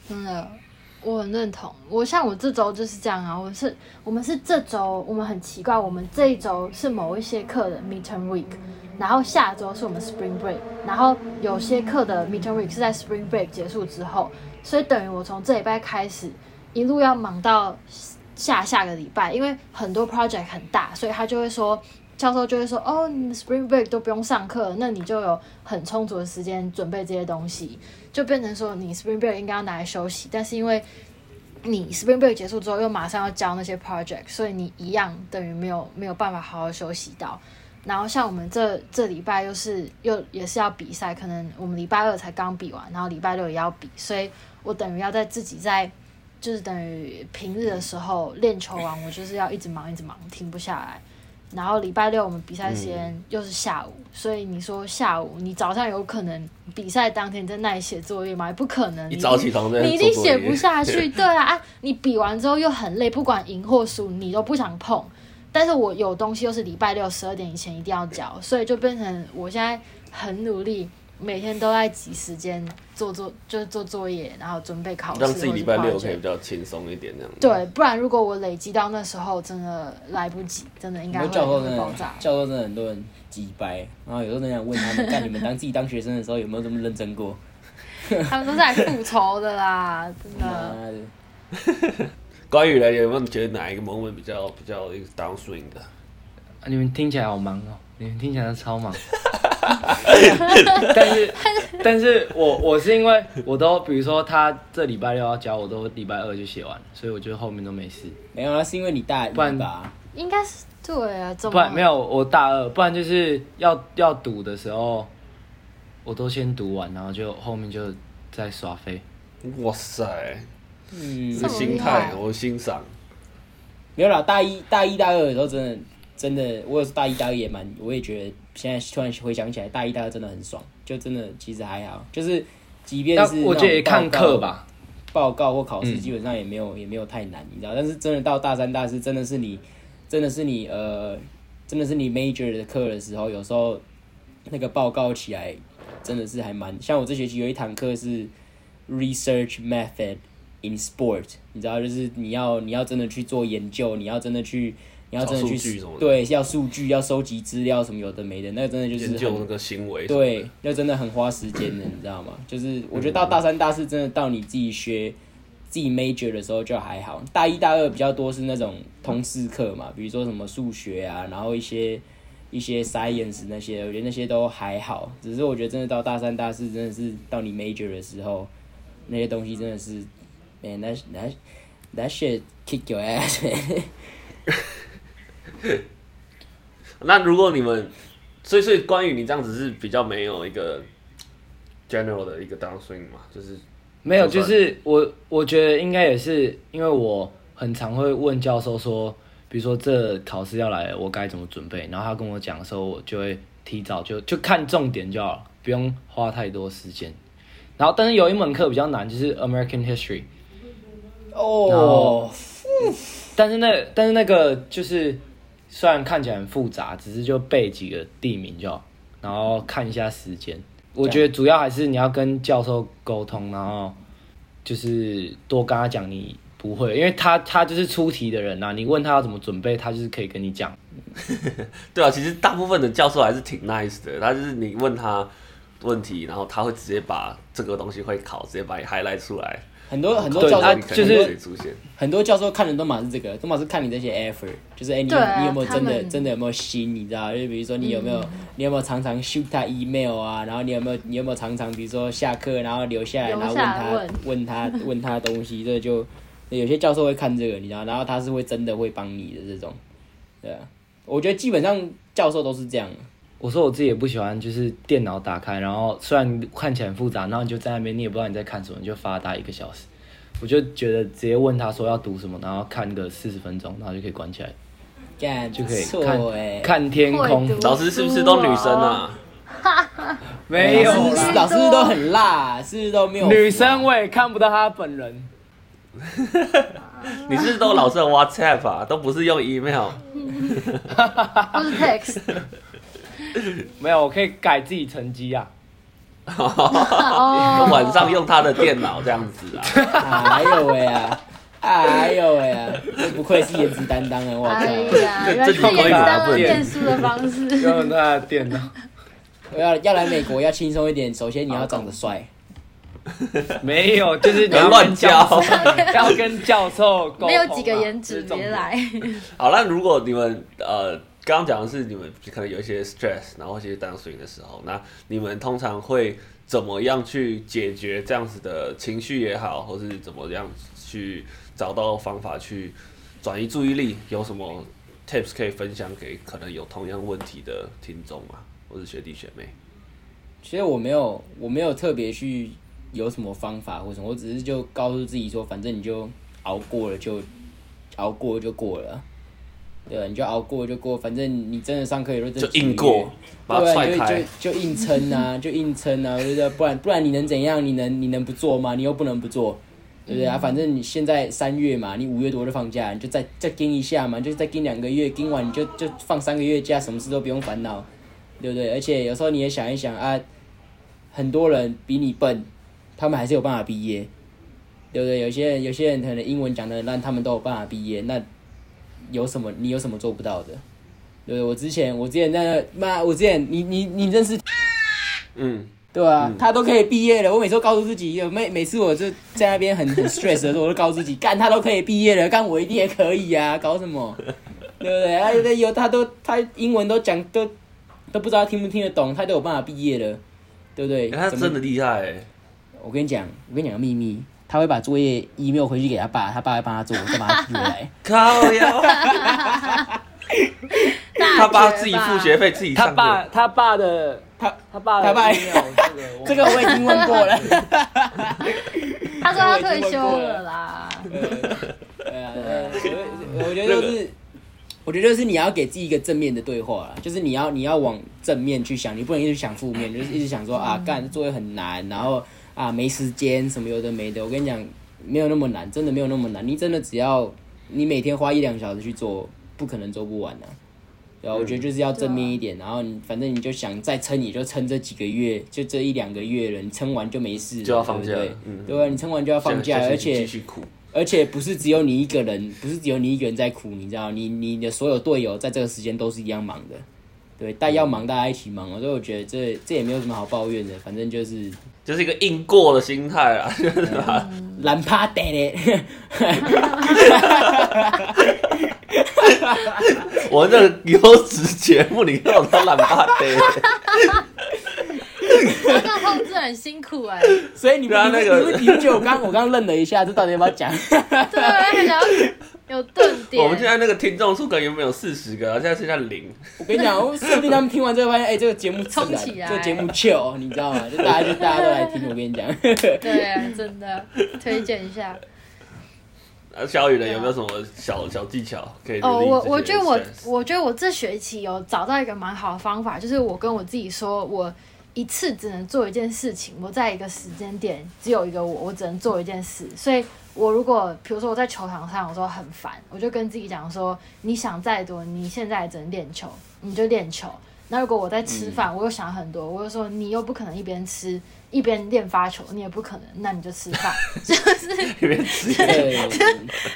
真的、嗯。我很認同，我像我這週就是這樣啊，我是我們是這週我們很奇怪，我們這一周是某一些課的 midterm week，然後下周是我們 spring break，然後有些課的 midterm week 是在 spring break 結束之後，所以等於我從這禮拜開始一路要忙到下下個禮拜，因為很多 project 很大，所以他就會說。教授就會說：“哦，你 Spring Break 都不用上課，那你就有很充足的時間準備這些東西，就變成說你 Spring Break 應該要拿來休息。但是因為，你 Spring Break 結束之後又馬上要交那些 project，所以你一樣等於沒有沒有辦法好好休息到。然後像我們這這禮拜又是又也是要比賽，可能我們禮拜二才剛比完，然後禮拜六也要比，所以我等於要在自己在就是等於平日的時候練球完，我就是要一直忙一直忙，停不下來。”然後禮拜六我們比賽時間又是下午，嗯、所以你說下午你早上有可能比賽當天在那裡寫作業嗎？不可能，你早起床你一定寫不下去。 對啊，你比完之後又很累，不管贏或輸，你都不想碰。但是我有東西又是禮拜六十二點以前一定要交，所以就變成我現在很努力，每天都在擠時間。做做就是做作業，然後準備考試，讓自己禮拜六可以比較輕鬆一點那樣。對，不然如果我累積到那時候，真的來不及，真的應該會爆炸。教授真，真的很多人擠掰，然後有時候人家問他們，那 你們當自己當學生的時候有沒有這麼認真過？他們都是在復仇的啦，真的。 關於呢，有沒有覺得哪一個 moment 比較比較一個 downswing 的？你們聽起來好忙哦、喔，你們聽起來都超忙。 但是，但是我我是因為我都，比如說他這禮拜六要交，我都禮拜二就寫完，所以我覺得後面都沒事。沒有，那是因為你大一不然吧？應該是對啊，做不然沒有我大二，不然就是要要讀的時候，我都先讀完，然後就後面就再耍廢。哇塞，這個是心態我欣賞。沒有啦，大一大一大二的時候真的。真的，我也是大一、大二也蠻，我也覺得現在突然回想起來，大一、大二真的很爽，就真的其實還好，就是即便是我覺得看課吧，報告或考試基本上也沒有、嗯、也沒有太難，你知道？但是真的到大三、大四，真的是你真的是你呃，真的是你 major 的課的時候，有時候那個報告起來真的是還蠻像我這學期有一堂課是 research method in sport，你知道，就是你要你要真的去做研究，你要真的去。你要真的去，要數據什麼的？對，要數據，要收集資料什麼有的沒的，那個真的就是研究那個行為。對，那真的很花時間的， 你知道嗎？就是我覺得到大三大四，真的到你自己學自己 major 的時候就還好。大一大二比較多是那種通識課嘛，比如說什麼數學啊，然後一些一些 science 那些，我覺得那些都還好。只是我覺得真的到大三大四，真的是到你 major 的時候，那些東西真的是，man，that that that shit kick your ass，man。 那如果你們，所以所以關於你這樣子是比較沒有一個 general 的一個 downswing 嘛，就是沒有，就是我我覺得應該也是因為我很常會問教授說，比如說這考試要來了，我該怎麼準備？然後他跟我講的時候，我就會提早就就看重點就好了，不用花太多時間。然後但是有一門課比較難，就是 American History。哦，但是那但是那個就是。雖然看起來很複雜，只是就背幾個地名就好，然後看一下時間。我覺得主要還是你要跟教授溝通，然後就是多跟他講你不會，因為他他就是出題的人吶啊。你問他要怎麼準備，他就是可以跟你講。 對啊，其實大部分的教授還是挺 nice 的，他就是你問他問題，然後他會直接把這個東西會考，直接把你 highlight 出來。很多很多教授是就是很多教授看的都嘛是這個，都嘛是看你這些 effort，就是哎、欸、你有、啊、你有沒有真的們真的有沒有心，你知道？就是、比如說你有沒有你有沒有常常 shoot 他 email 啊，然後你有沒有你有沒有常常比如說下課然後留下來然後問他問，問他問他，問他東西，這就有些教授會看這個，你知道？然後他是會真的會幫你的這種，對啊，我覺得基本上教授都是這樣。我說我自己也不喜歡，就是電腦打開，然後雖然看起來很複雜，然後你就在那邊，你也不知道你在看什麼，你就發呆一個小時。我就覺得直接問他說要讀什麼，然後看個四十分鐘，然後就可以關起來，感覺 就可以看、欸、看天空。啊、老師是不是都女生啊？哈哈沒有，是是老師都很辣、啊，是不是都沒有、啊、女生？我也看不到他本人。你是都老是用 WhatsApp 啊？ 都不是用 email，不是 text。 沒有，我可以改自己成績啊！ 晚上用他的電腦這樣子啊！還有、 啊、哎呦喂、啊、還、啊、有哎呦喂、啊，不愧是顏值擔當啊！我靠、啊，顏值擔當變數的方式， 用他的電腦。我要要來美國要輕鬆一點，首先你要長得帥。Okay. 沒有，就是你要亂教，教跟教授溝通。沒有幾個顏值別來。好，那如果你們呃。剛剛講的是你們可能有一些 stress，然後一些 down swing 的時候，那你們通常會怎麼樣去解決這樣子的情緒也好，或是怎麼樣去找到方法去轉移注意力？有什麼 tips 可以分享給可能有同樣問題的聽眾嗎？或是學弟學妹？其實我沒有，我沒有特別去有什麼方法，或者我只是就告訴自己說，反正你就熬過了就，就熬過了就過了。對、啊，你就熬過就過，反正你真的上課也認真，就硬過，對、啊，就就就硬撐吶，就硬撐吶、啊。我覺得不然不然你能怎樣？你能你能不做嗎？你又不能不做，對不對啊？嗯、反正你現在三月嘛，你五月多就放假，你就再再盯一下嘛，就再盯兩個月，盯完你就就放三個月假，什麼事都不用煩惱，對不對？而且有時候你也想一想啊，很多人比你笨，他們還是有辦法畢業，對不對？有些人有些人可能英文講的爛，他們都有辦法畢業，那。有什麼？你有什麼做不到的？對，對，我之前，我之前在那媽，我之前，你你你認識，嗯，對吧、啊？嗯、他都可以畢業了。我每次都告訴自己，每每次我就在那邊很很 stress 的時候，我都告訴自己， 幹他都可以畢業了，幹我一定也可以呀、啊。搞什麼？ 對不對？他有他有他都他英文都講都都不知道聽不聽得懂，他都有辦法畢業了，對不對？欸、他真的厲害。我跟你講，我跟你講個祕密。他會把作業 email 回去給他爸，他爸會幫他做，再把他寄來。靠呀 吧！ 他爸自己付學費，自己他爸他爸的他他爸的他爸 email 這個我已經問過了，過了他說他退休了啦。呃，對啊，我覺得就是，了我覺得就是你要給自己一個正面的對話啦，就是你要你要往正面去想，你不能一直想負面，嗯嗯就是一直想說啊，幹作業很難，然後。啊，沒時間什麼有的沒的，我跟你講，沒有那麼難，真的沒有那麼難。你真的只要你每天花一兩小時去做，不可能做不完的、啊。然後、啊嗯、我覺得就是要正面一點。啊、然後你反正你就想再撐，你就撐這幾個月，就這一兩個月了，撐完就沒事了，就要放假對不對？嗯、對、啊，你撐完就要放假，而且而且不是只有你一個人，不是只有你一個人在苦，你知道嗎？你你的所有隊友在這個時間都是一樣忙的，對，大家、嗯、要忙，大家一起忙。所以我覺得這這也沒有什麼好抱怨的，反正就是。就是一個硬過的心態啊，懶趴的嘞！我這優質節目，你讓我當懶趴的嘞！你們這錄製很辛苦哎、欸，所以你們那個就我剛我剛愣了一下，這到底要不要講？ 對有頓點，我們現在那個聽眾數可能有沒有四十個，啊，現在剩下零。我跟你講，我設定他們聽完之後發現，哎、欸，這個節目衝起來，這個節目 chill，你知道嗎？就大家，就大家都來聽我。我跟你講，對啊，真的，推薦一下。那小雨呢？Yeah. 有沒有什麼小小技巧可以、oh,？哦，我我覺得我我覺得我這學期有找到一個蠻好的方法，就是我跟我自己說，我一次只能做一件事情，我在一個時間點只有一個我，我只能做一件事，所以。我如果，比如說我在球場上，我說很煩，我就跟自己講說，你想再多，你現在只能練球，你就練球。那如果我在吃飯，嗯、我又想很多，我就說你又不可能一邊吃一邊練發球，你也不可能，那你就吃飯， 就是一邊吃，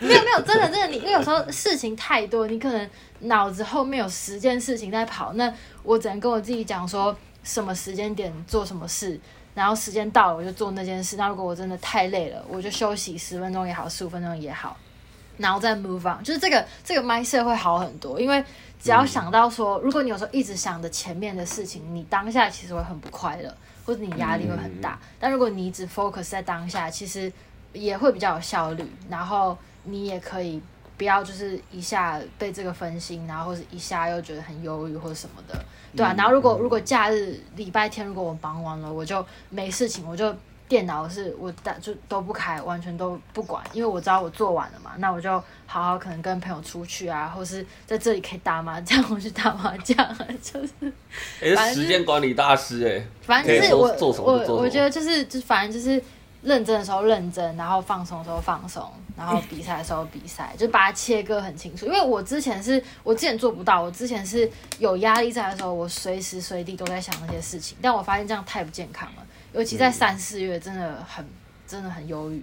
沒有沒有，真的真的，你因為有時候事情太多，你可能腦子後面有十件事情在跑，那我只能跟我自己講說，什麼時間點做什麼事。然後時間到了，我就做那件事。那如果我真的太累了，我就休息十分鐘也好，十五分鐘也好，然後再 move on。就是這個這個 mindset 會好很多，因為只要想到說，如果你有時候一直想着前面的事情，你當下其實會很不快樂，或者你壓力會很大。但如果你一直 focus 在當下，其實也會比較有效率，然後你也可以不要就是一下被這個分心，然後或者一下又覺得很憂鬱或者什麼的。對啊，嗯、然後如果如果假日禮拜天，如果我忙完了，我就沒事情，我就電腦是我但就都不開，完全都不管，因為我知道我做完了嘛，那我就好好可能跟朋友出去啊，或是在這裡可以打麻將，這樣我去打麻將就是。欸就是、時間管理大師欸。反正就是我，我我我覺得就是就是反正就是。認真的時候認真，然後放鬆的時候放鬆，然後比賽的時候比賽，就把它切割很清楚。因為我之前是我之前做不到，我之前是有壓力在的時候，我隨時隨地都在想那些事情。但我發現這樣太不健康了，尤其在三四月真，真的很真的很憂鬱。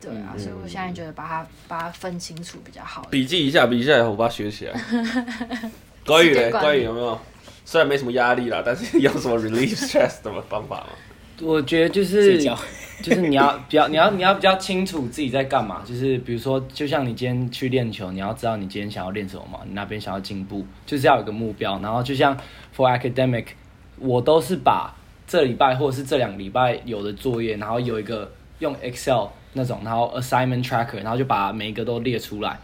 對啊，所以我現在覺得把它把它分清楚比較好。筆記一下，筆記一下，以後我把它學起來。關於關於有沒有？雖然沒什麼壓力啦，但是有什麼 relieve stress 的方法嗎？我覺得就是，就是你要比較，你要你要比較清楚自己在幹嘛。就是比如說，就像你今天去練球，你要知道你今天想要練什麼嘛，你那邊想要進步，就是要有個目標。然後就像 for academic，我都是把這禮拜或者是這兩個禮拜有的作業，然後有一個用 Excel 那種，然後 assignment tracker，然後就把每一個都列出來。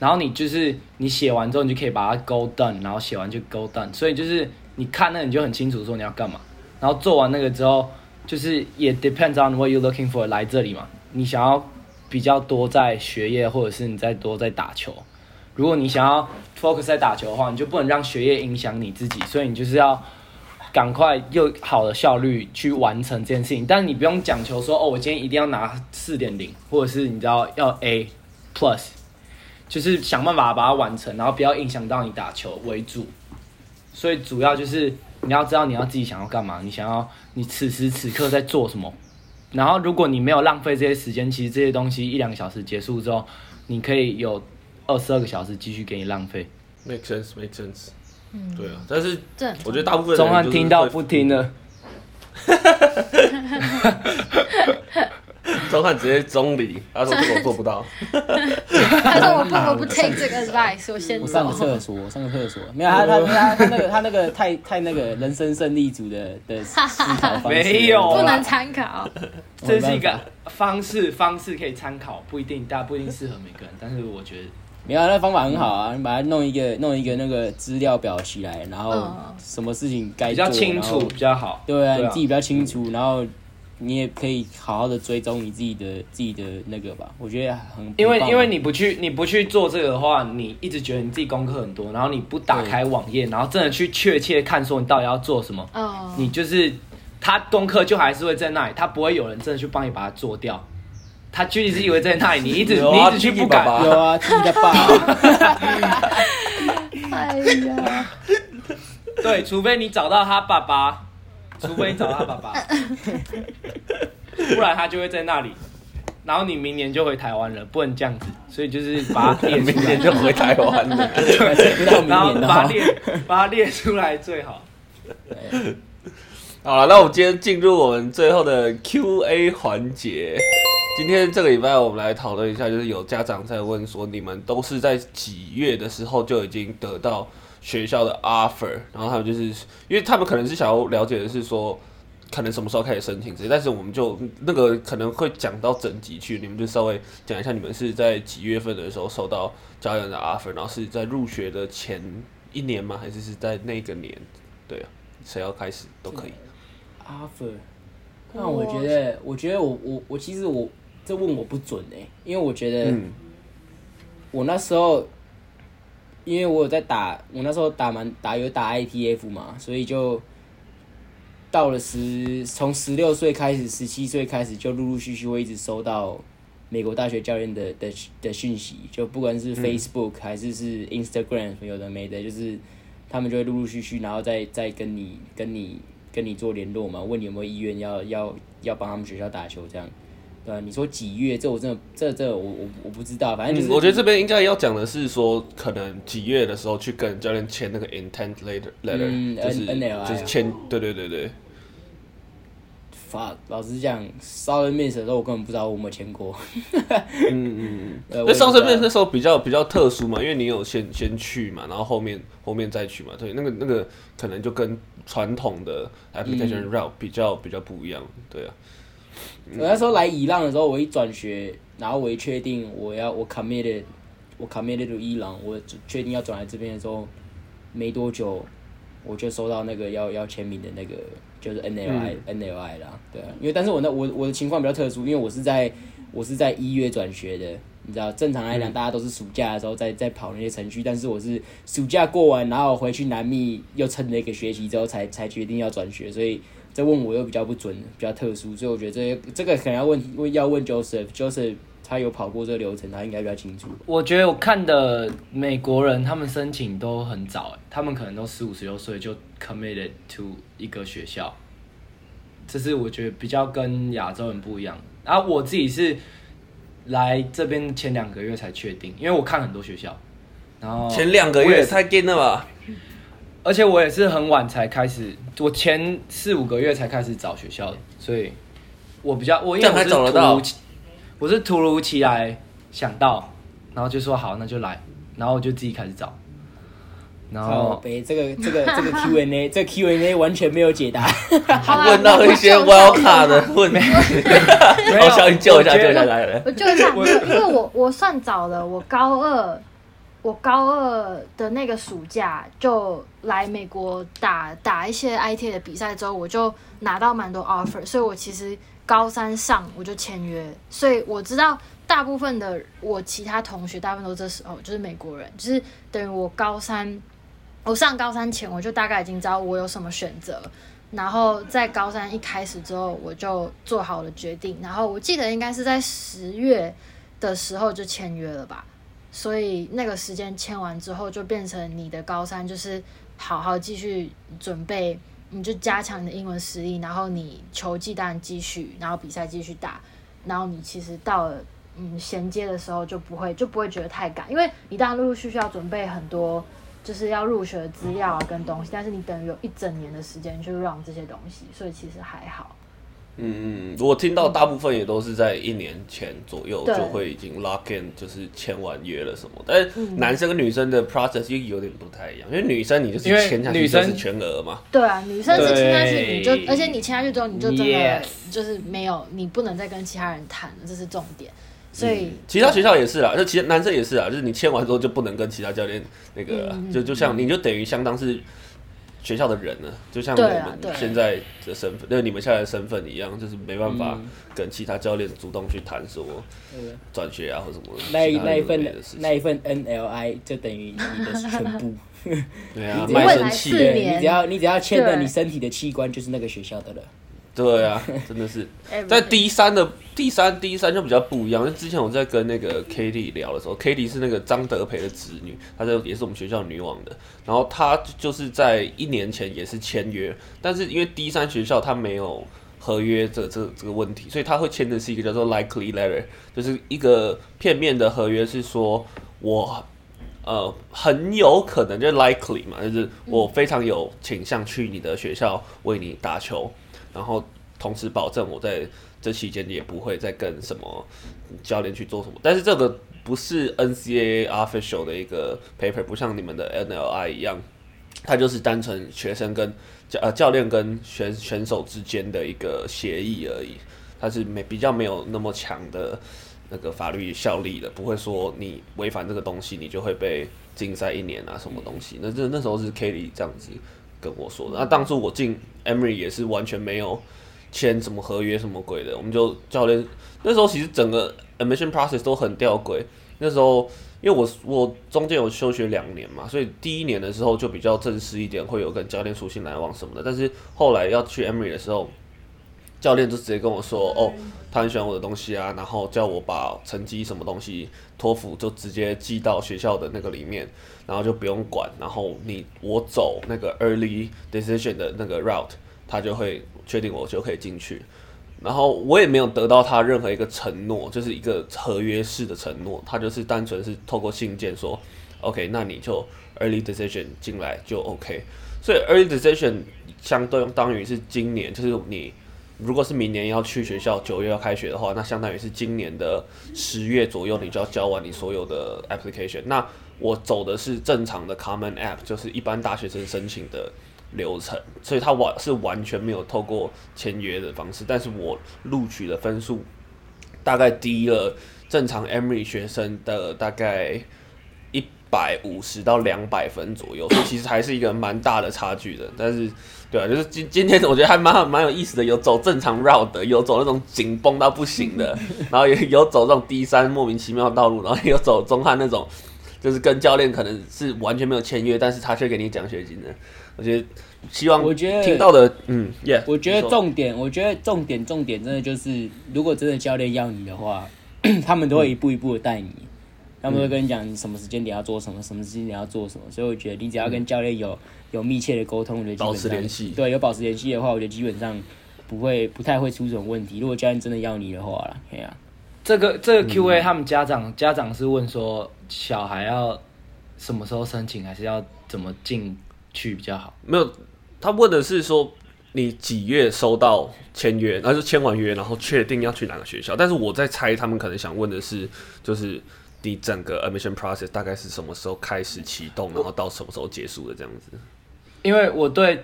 然後你就是你寫完之後，你就可以把它 go done，然後寫完就 go done。所以就是你看那你就很清楚說你要幹嘛。然後做完那個之後，就是也 depends on what you're looking for 來這裡嘛。你想要比較多在學業，或者是你再多在打球。如果你想要 focus 在打球的話，你就不能讓學業影響你自己。所以你就是要趕快又好的效率去完成這件事情。但你不用講求說，哦，我今天一定要拿四點零，或者是你知道要 A plus，就是想辦法把它完成，然後不要影響到你打球為主。所以主要就是。你要知道你要自己想要幹嘛，你想要你此時此刻在做什麼。然後，如果你沒有浪費這些時間，其實這些東西一兩個小時結束之後，你可以有二十二個小時繼續給你浪費。Make sense, make sense。嗯，對啊，但是我覺得大部分人是中聽到不聽的。 說話直接中立，他說這個我做不到， 他說我不我不 take 這個 advice，我先我上個廁所，上個廁所。 沒有他他、他、他、那個、他那個他那個太太那個人生勝利組的的思考方法， 沒有不能參考。這是一個方式方式可以參考，不一定大家不一定適合每個人，但是我覺得、嗯嗯、沒有那方法很好啊，你把它弄一個弄一個那個資料表起來，然後什麼事情該比較清楚後後比較好，對啊，你自己比較清楚，嗯、然後。你也可以好好的追蹤你自己的自己的那個吧，我覺得很不，因為因為你不去你不去做這個的話，你一直覺得你自己功課很多，然後你不打開網頁，對然後真的去確切看說你到底要做什麼，Oh. 你就是他功課就還是會在那裡，他不會有人真的去幫你把它做掉，他就一直以為在那裡，你一直 你一直去不敢有啊，自己的爸爸，哎呀，對，除非你找到他爸爸。除非你找他爸爸， 不然他就會在那裡。然後你明年就回台灣了，不能這樣子。所以就是把他列， 明年就回台灣。 然後把他列， 把他列出來最好。 好，那我們今天進入我們最後的 QA 環節。今天這個禮拜，我們來討論一下，就是有家長在問說，你們都是在幾月的時候就已經得到？學校的 offer，然後還有就是，因為他們可能是想要了解的是說，可能什麼時候開始申請，但是我們就那個可能會講到整集去，你們就稍微講一下，你們是在幾月份的時候收到教練的 offer，然後是在入學的前一年嗎？還是是在那個年？對啊，誰要開始都可以。offer，那我覺得，我覺得我我我其實我這問我不準哎、欸，因為我覺得我那時候。因為我有在打，我那時候打滿打有打 ITF 嘛，所以就到了十從十六歲開始，十七歲開始就陸陸續續會一直收到美國大學教練的的的訊息，就不管是 Facebook，嗯，還是是 Instagram 有的沒的，就是他們就會陸陸續續，然後再再跟你跟你跟你做聯絡嘛，問你有沒有意願要要要幫他們學校打球這樣。對啊，你說幾月？這我真的，這這我我我不知道。反正你，我覺得這邊應該要講的是說，可能幾月的時候去跟教練簽那個 intent letter letter，就是就是簽，對對對對。f u s o 老實講，m 生 s s 的時候我根本不知道我們簽過。嗯嗯嗯，因為招生面那時候比較比較特殊嘛，因為你有先先去嘛，然後後面後面再去嘛，對，那個那個可能就跟傳統的 application route 比較比較不一樣，對啊。我那時候來伊朗的時候，我一轉學，然後我一確定我要我 committed，我 committed to 伊朗，我確定要轉來這邊的時候，沒多久我就收到那個要要簽名的那個就是 NLI、嗯、NLI 啦，對、啊，因為但是我那我我的情況比較特殊，因為我是在我是在一月轉學的，你知道，正常來講、嗯、大家都是暑假的時候在在跑那些程序，但是我是暑假過完，然後我回去南密又趁那個學期之後才才決定要轉學，所以。在問我又比較不準，比較特殊，所以我覺得這這個可能要問問要問 Joseph，Joseph 他有跑過這個流程，他應該比較清楚。我覺得我看的美國人他們申請都很早，他們可能都十五十六歲就 committed to 一個學校，這是我覺得比較跟亞洲人不一樣。然後我自己是來這邊前兩個月才確定，因為我看很多學校，然後前兩個月也太趕了吧。 而且我也是很晚才開始，我前四五個月才開始找學校的，所以我比較我因為我是突如其，我是突如其來想到，然後就說好，那就來，然後我就自己開始找，然後這，被這個這個這個 Q&A， 這 Q&A 完全沒有解答， 啊、問到一些 welcome 的問題，好想救一下救一下來了，我就想，因為我我算早了，我高二。我高二的那個暑假就來美國打打一些 IT 的比賽之後，我就拿到蠻多 offer，所以我其實高三上我就簽約，所以我知道大部分的我其他同學大部分都這時候就是美國人，就是等於我高三，我上高三前我就大概已經知道我有什麼選擇，然後在高三一開始之後我就做好了決定，然後我記得應該是在十月的時候就簽約了吧。所以那個時間簽完之後，就變成你的高三，就是好好繼續準備，你就加強你的英文實力，然後你球技當然繼續，然後比賽繼續打，然後你其實到了嗯銜接的時候就不會就不會覺得太趕，因為你當然陸陸續續要準備很多，就是要入學的資料跟東西，但是你等於有一整年的時間去讓這些東西，所以其實還好。嗯嗯，我聽到大部分也都是在一年前左右就會已經 lock in，嗯、就是簽完約了什麼。對但是男生跟女生的 process 有點不太一樣，嗯、因為女生你就是簽，下去的時候，女生是全額嘛。對啊，女生是簽下去對你就，而且你簽下去之後你就真的就是沒有，你不能再跟其他人談了，這是重點。所以、嗯、其他學校也是啦，那其實男生也是啊，就是你簽完之後就不能跟其他教練那個，嗯嗯、就就像你就等於相當是。學校的人呢，就像我們現在的身份，那、啊、你們現在的身份一樣，就是沒辦法跟其他教練主動去談說，轉學啊對對對或什麼。那一那一份那一份 NLI 就等於你的全部， 對啊，賣身契，你只要你只要簽了，你身體的器官就是那個學校的了。對啊，真的是在 D3 的 D3D3 就比較不一樣。就之前我在跟那個 Katie 聊的時候 Katie 是那個張德培的侄女，她這也是我們學校女網的。然後她就是在一年前也是簽約，但是因為 D3 學校他沒有合約這這個、這個問題，所以他會簽的是一個叫做 likely letter，就是一個片面的合約，是說我呃很有可能就是、likely 嘛，就是我非常有傾向去你的學校為你打球。然後同時保證，我在這期間也不會再跟什麼教練去做什麼。但是這個不是 NCAA official 的一個 paper，不像你們的 NLI 一樣，它就是單純學生跟教呃教練跟選選手之間的一個協議而已。它是沒比較沒有那麼強的那個法律效力的，不會說你違反這個東西，你就會被禁賽一年啊，什麼東西？嗯，那這那時候是 Kelly 這樣子跟我說的。那當初我進 Emory 也是完全沒有簽什麼合約什麼鬼的，我們就教練那時候其實整個 admission process 都很吊詭。那時候因為我我中間有休學兩年嘛，所以第一年的時候就比較正式一點，會有跟教練書信來往什麼的。但是後來要去 Emory 的時候。教練就直接跟我說：“哦，他很喜歡我的東西啊，然後叫我把成績什麼東西托福，就直接寄到學校的那個裡面，然後就不用管。然後你我走那個 early decision 的那個 route，他就會確定我就可以進去。然後我也沒有得到他任何一個承諾，就是一個合約式的承諾。他就是單純是透過信件說：‘OK，那你就 early decision 進來就 OK。’所以 early decision 相當於是今年就是你。”如果是明年要去學校，九月要開學的話，那相當於是今年的十月左右，你就要交完你所有的 application。那我走的是正常的 common app，就是一般大學生申請的流程，所以它完是完全沒有透過簽約的方式。但是我錄取的分數大概低了正常 Emory 學生的大概一百五十到兩百分左右，所以其實還是一個蠻大的差距的，但是。對啊，就是今今天我覺得還蠻蠻有意思的，有走正常 route 的，有走那種緊繃到不行的， 然後也有走這種 D3 莫名其妙的道路，然後也有走鍾漢那種，就是跟教練可能是完全沒有簽約，但是他卻給你獎學金的。我覺得希望，我覺得聽到的，嗯，yeah, 我覺得重點，說我覺得重點重點真的就是，如果真的教練要你的話，他們都會一步一步的帶你。嗯他們會跟你講什麼時間點要做什麼，什麼時間點要做什麼，所以我覺得你只要跟教練有、嗯、有密切的溝通，我覺得保持聯繫，對，有保持聯繫的話，我覺得基本上不會不太會出什麼問題。如果教練真的要你的話了，可以啊。這個這個 Q A 他們家長、嗯、家長是問說小孩要什麼時候申請，還是要怎麼進去比較好？沒有，他問的是說你幾月收到簽約，然後簽完約，然後確定要去哪個學校。但是我在猜，他們可能想問的是，就是。你整個 admission process 大概是什麼時候開始啟動，然後到什麼時候結束的這樣子？因為我對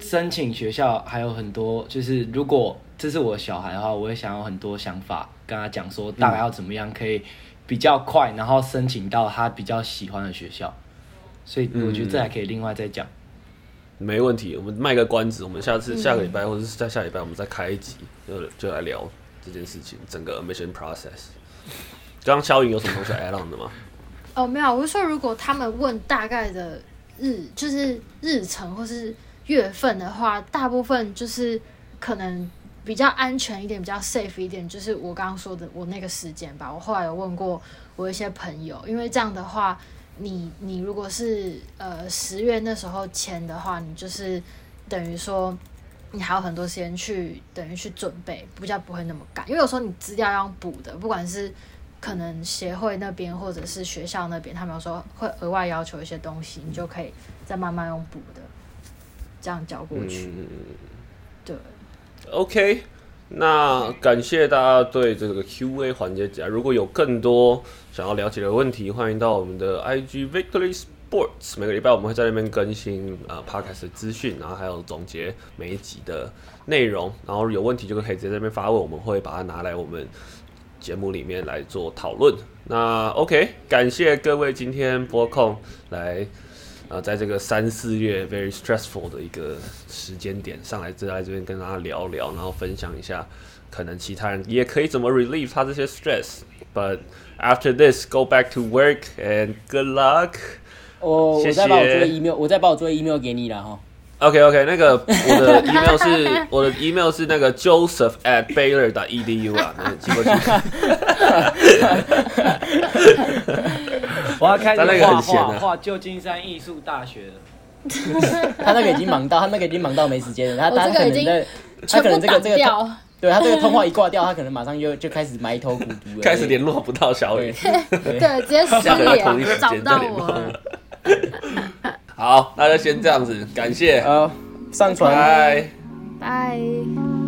申請學校還有很多，就是如果這是我的小孩的話，我也想有很多想法跟他講，說大概要怎麼樣可以比較快，然後申請到他比較喜歡的學校。所以我覺得這還可以另外再講、嗯。沒問題，我們賣個關子，我們下次下個禮拜，嗯、或者是在下禮拜，我們再開一集，就就來聊這件事情，整個 admission process。剛剛宇，有什麼同學 add on 的嗎？哦，沒有，我是說，如果他們問大概的日，就是日程或是月份的話，大部分就是可能比較安全一點，比較 safe 一點，就是我剛剛說的我那個時間吧。我後來有問過我一些朋友，因為這樣的話，你你如果是呃十月那時候簽的話，你就是等於說你還有很多時間去等於去準備，比較不會那麼趕，因為有時候你資料要補的，不管是可能協會那邊或者是學校那邊，他們說會額外要求一些東西，你就可以再慢慢用補的這樣交過去。嗯嗯對。OK，那感謝大家對這個 Q A 環節，如果有更多想要了解的問題，歡迎到我們的 I G Victory Sports，每個禮拜我們會在那邊更新呃 Podcast 的資訊，然後還有總結每一集的內容，然後有問題就可以直接在那邊發問，我們會把它拿來我們。節目裡面來做討論。那 OK，感謝各位今天撥空來，呃，在這個三四月 very stressful 的一個時間點上來，就來這邊跟大家聊聊，然後分享一下，可能其他人也可以怎麼 relieve 他這些 stress。But after this, go back to work and good luck。oh, 謝謝。哦，我再把我做的 email，我再把我做的 email 給你啦。哈、哦。OK OK，那個我的 email 是 我的 email 是那個 Joseph at Baylor dot edu 啊，那個寄過 我要開始畫畫，舊金山藝術大學的。 他那個已經忙到，他那個已經忙到沒時間了。 他他可能在他可能這個這個， 對他這個通話一掛掉，他可能馬上又就，就開始埋頭苦讀了。 開始聯絡不到小偉，對，對， 對，直接撕臉 找不到我。 好，那就先這樣子，感謝，好、呃，上傳，拜拜 Bye。